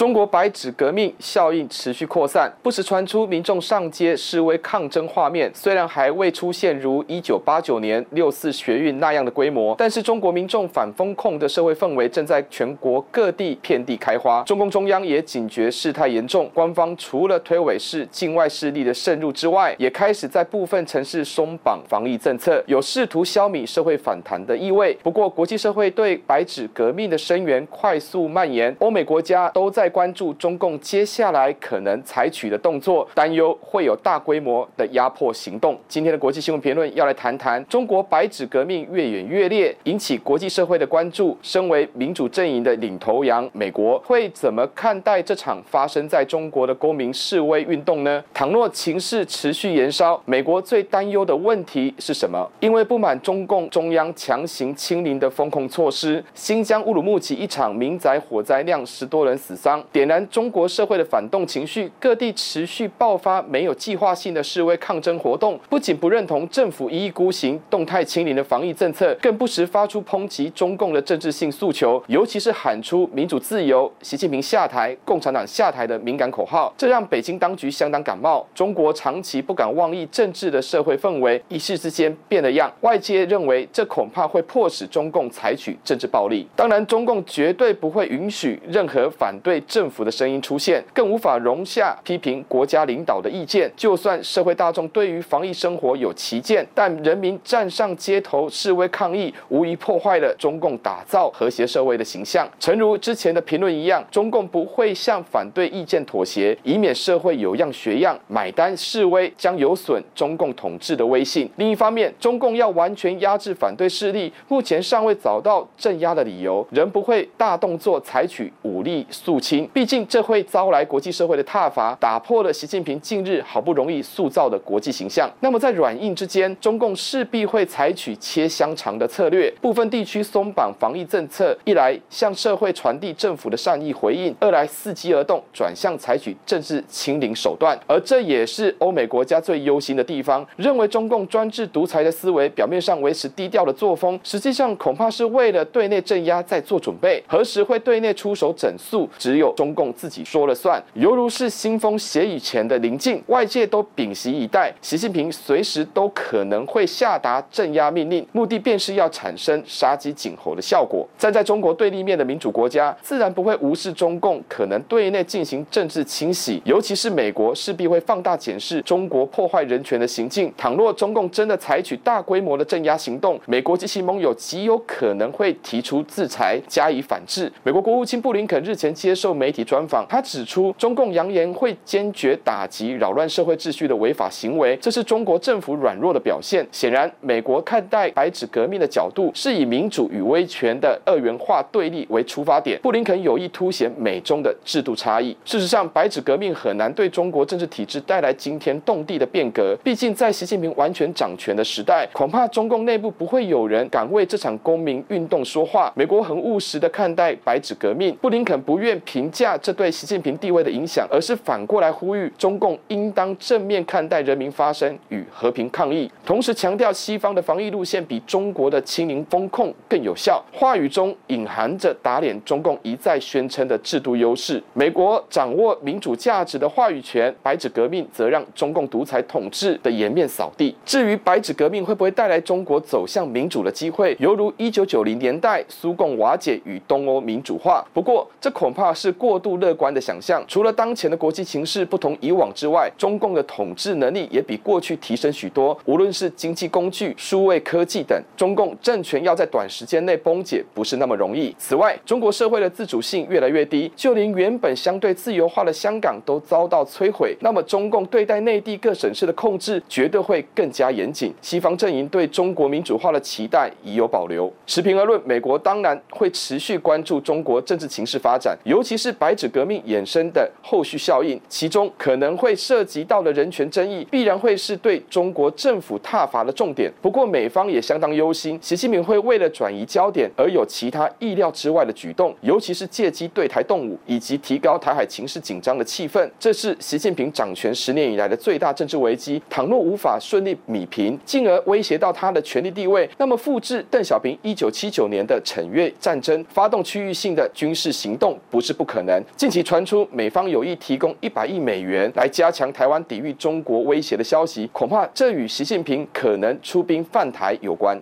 中國“白紙革命”效應持續擴散，不時傳出民眾上街示威抗爭畫面。雖然還未出現如1989年六四學運那樣的規模，但是中國民眾反封控的社會氛圍正在全國各地遍地開花。中共中央也警覺事態嚴重，官方除了推諉是境外勢力的滲入之外，也開始在部分城市鬆綁防疫政策，有試圖消弭社會反彈的意味。不過，國際社會對“白紙革命”的聲援快速蔓延，歐美國家都在。關注中共接下來可能採取的動作，擔憂會有大規模的壓迫行動。今天的國際新聞評論要來談談中國“白紙革命”越演越烈，引起國際社會的關注。身為民主陣營的領頭羊，美國會怎麼看待這場發生在中國的公民示威運動呢？倘若情勢持續延燒，美國最擔憂的問題是什麼？因為不滿中共中央強行清零的封控措施，新疆烏魯木齊一場民宅火災，釀十多人死傷。點燃中國社會的反動情緒，各地持續爆發沒有計劃性的示威抗爭活動，不僅不認同政府一意孤行動態清零的防疫政策，更不時發出抨擊中共的政治性訴求，尤其是喊出民主自由、習近平下台、共產黨下台的敏感口號，這讓北京當局相當感冒。中國長期不敢妄議政治的社會氛圍，一時之間變了樣。外界認為，這恐怕會迫使中共採取政治暴力。當然，中共絕對不會允許任何反對。政府的聲音出現，更無法容下批評國家領導的意見。就算社會大眾對於防疫生活有歧見，但人民站上街頭示威抗議，無疑破壞了中共打造和諧社會的形象。誠如之前的評論一樣，中共不會向反對意見妥協，以免社會有樣學樣，買單示威將有損中共統治的威信。另一方面，中共要完全壓制反對勢力，目前尚未找到鎮壓的理由，仍不會大動作採取武力肅清。畢竟這會招來國際社會的撻伐，打破了習近平近日好不容易塑造的國際形象。那麼在軟硬之間，中共勢必會採取切香腸的策略，部分地區鬆綁防疫政策，一來向社會傳遞政府的善意回應，二來伺機而動，轉向採取政治清零手段。而這也是歐美國家最憂心的地方，認為中共專制獨裁的思維，表面上維持低調的作風，實際上恐怕是為了對內鎮壓在做準備。何時會對內出手整肅，只有中共自己說了算，猶如是腥風血雨前的臨近，外界都屏息以待。習近平隨時都可能會下達鎮壓命令，目的便是要產生殺雞儆猴的效果。站在中國對立面的民主國家，自然不會無視中共可能對內進行政治清洗，尤其是美國勢必會放大檢視中國破壞人權的行徑。倘若中共真的採取大規模的鎮壓行動，美國及其盟友極有可能會提出制裁加以反制。美國國務卿布林肯日前接受媒體專訪，他指出，中共揚言會堅決打擊擾亂社會秩序的違法行為，這是中國政府軟弱的表現。顯然，美國看待白紙革命的角度是以民主與威權的二元化對立為出發點。布林肯有意凸顯美中的制度差異。事實上，白紙革命很難對中國政治體制帶來驚天動地的變革。畢竟，在習近平完全掌權的時代，恐怕中共內部不會有人敢為這場公民運動說話。美國很務實的看待白紙革命，布林肯不願評評價這對習近平地位的影響，而是反過來呼籲中共應當正面看待人民發聲與和平抗議，同時強調西方的防疫路線比中國的清零封控更有效。話語中隱含着打臉中共一再宣稱的制度優勢，美國掌握民主價值的話語權。白紙革命則讓中共獨裁統治的顏面掃地。至於白紙革命會不會帶來中國走向民主的機會，猶如1990年代蘇共瓦解與東歐民主化。不過，這恐怕是。過度樂觀的想象，除了當前的國際情勢不同以往之外，中共的統治能力也比過去提升許多。無論是經濟工具、數位科技等，中共政權要在短時間內崩解不是那麼容易。此外，中國社會的自主性越來越低，就連原本相對自由化的香港都遭到摧毀。那麼，中共對待內地各省市的控制絕對會更加嚴謹。西方陣營對中國民主化的期待已有保留。持平而論，美國當然會持續關注中國政治情勢發展，尤其是。是白紙革命衍生的後續效應，其中可能會涉及到的人權爭議，必然會是對中國政府撻伐的重點。不過美方也相當憂心，習近平會為了轉移焦點而有其他意料之外的舉動，尤其是借機對台動武以及提高台海情勢緊張的氣氛。這是習近平掌權十年以來的最大政治危機。倘若無法順利弭平，進而威脅到他的權力地位，那麼複製鄧小平1979年的懲越戰爭，發動區域性的軍事行動，不是不可能近期傳出美方有意提供一百億美元來加強台灣抵禦中國威脅的消息，恐怕這與習近平可能出兵犯台有關。